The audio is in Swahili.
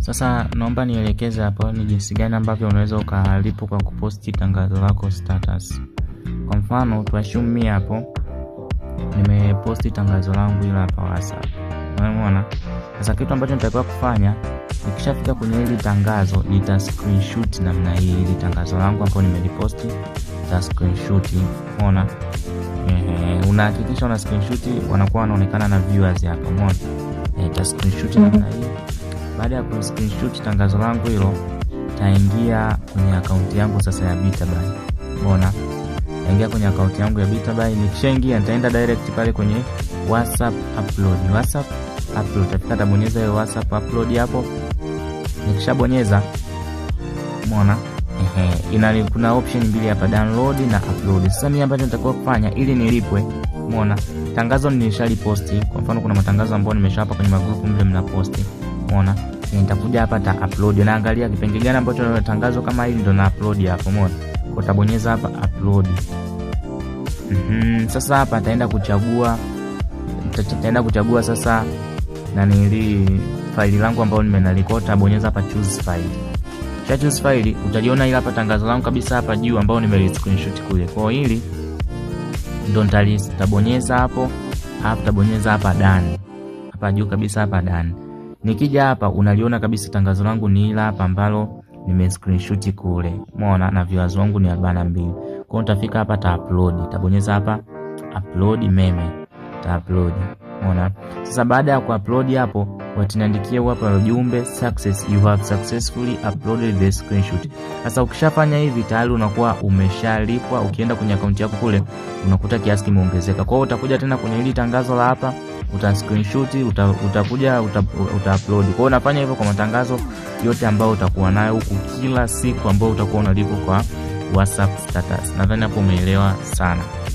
Sasa naomba nielekeze hapo ni jinsi gani ambavyo unaweza ukalipo kwa kuposti tangazo lako status. Kwa mfano tuashum mi hapo nimeposti tangazo langu hilo hapa WhatsApp. Unaona? Sasa kitu ambacho nitakiwa kufanya nikishafika kwenye hili tangazo nita screenshot namna hii hili tangazo langu ambalo nimeliposti ta screenshot. Unaona? unahakikisha una screenshot wanakuwa wanaonekana na viewers hapa. Unaona? ta screenshot namna hii. Baada ya kuliscreenshot tangazo langu hilo, taingia kwenye akaunti yangu sasa ya Bitabuy. Umeona? Taingia kwenye akaunti yangu ya Bitabuy. Nikishaingia nitaenda direct pale kwenye WhatsApp upload. WhatsApp upload. Tafika tabonyeza hiyo WhatsApp upload hapo. Nikishabonyeza, umeona? Ehe, ina kuna option mbili hapa download na upload. Sasa mimi ambacho nitakuwa kufanya ili nilipwe, umeona? Tangazo nilishaliposti. Kwa mfano kuna matangazo ambayo nimeshapa kwenye magrupu mbele mle mnaposti umeona. Nitakuja hapa ta upload na angalia kipenge gani ambacho tunatangazwa kama hili ndo na upload hapo, umeona. Kwa tabonyeza hapa upload. Mhm, sasa hapa ataenda kuchagua nitaenda kuchagua sasa na nili faili langu ambayo nimenalikota, tabonyeza hapa choose file. Cha choose file utaliona ile hapa tangazo langu kabisa hapa juu ambao screenshot kule. Kwa hiyo hili ndo nitabonyeza hapo, hapa tabonyeza hapa done. Hapa juu kabisa hapa done. Nikija hapa unaliona kabisa tangazo langu ni hili hapa ambalo nime screenshot kule. Umeona na viewers wangu ni 42 Kwa hiyo nitafika hapa ta upload. Nitabonyeza hapa upload meme. Ta upload. Umeona? Sasa baada ya ku upload hapo wataniandikia hapa ujumbe success you have successfully uploaded the screenshot. Sasa ukishafanya hivi tayari unakuwa umeshalipwa. Ukienda kwenye akaunti yako kule unakuta kiasi kimeongezeka. Kwa hiyo utakuja tena kwenye hili tangazo la hapa uta screenshot uta, utakuja uta, uta upload. Kwa hiyo unafanya hivyo kwa matangazo yote ambayo utakuwa nayo huku kila siku ambayo utakuwa unalipo kwa WhatsApp status. Nadhani hapo umeelewa sana.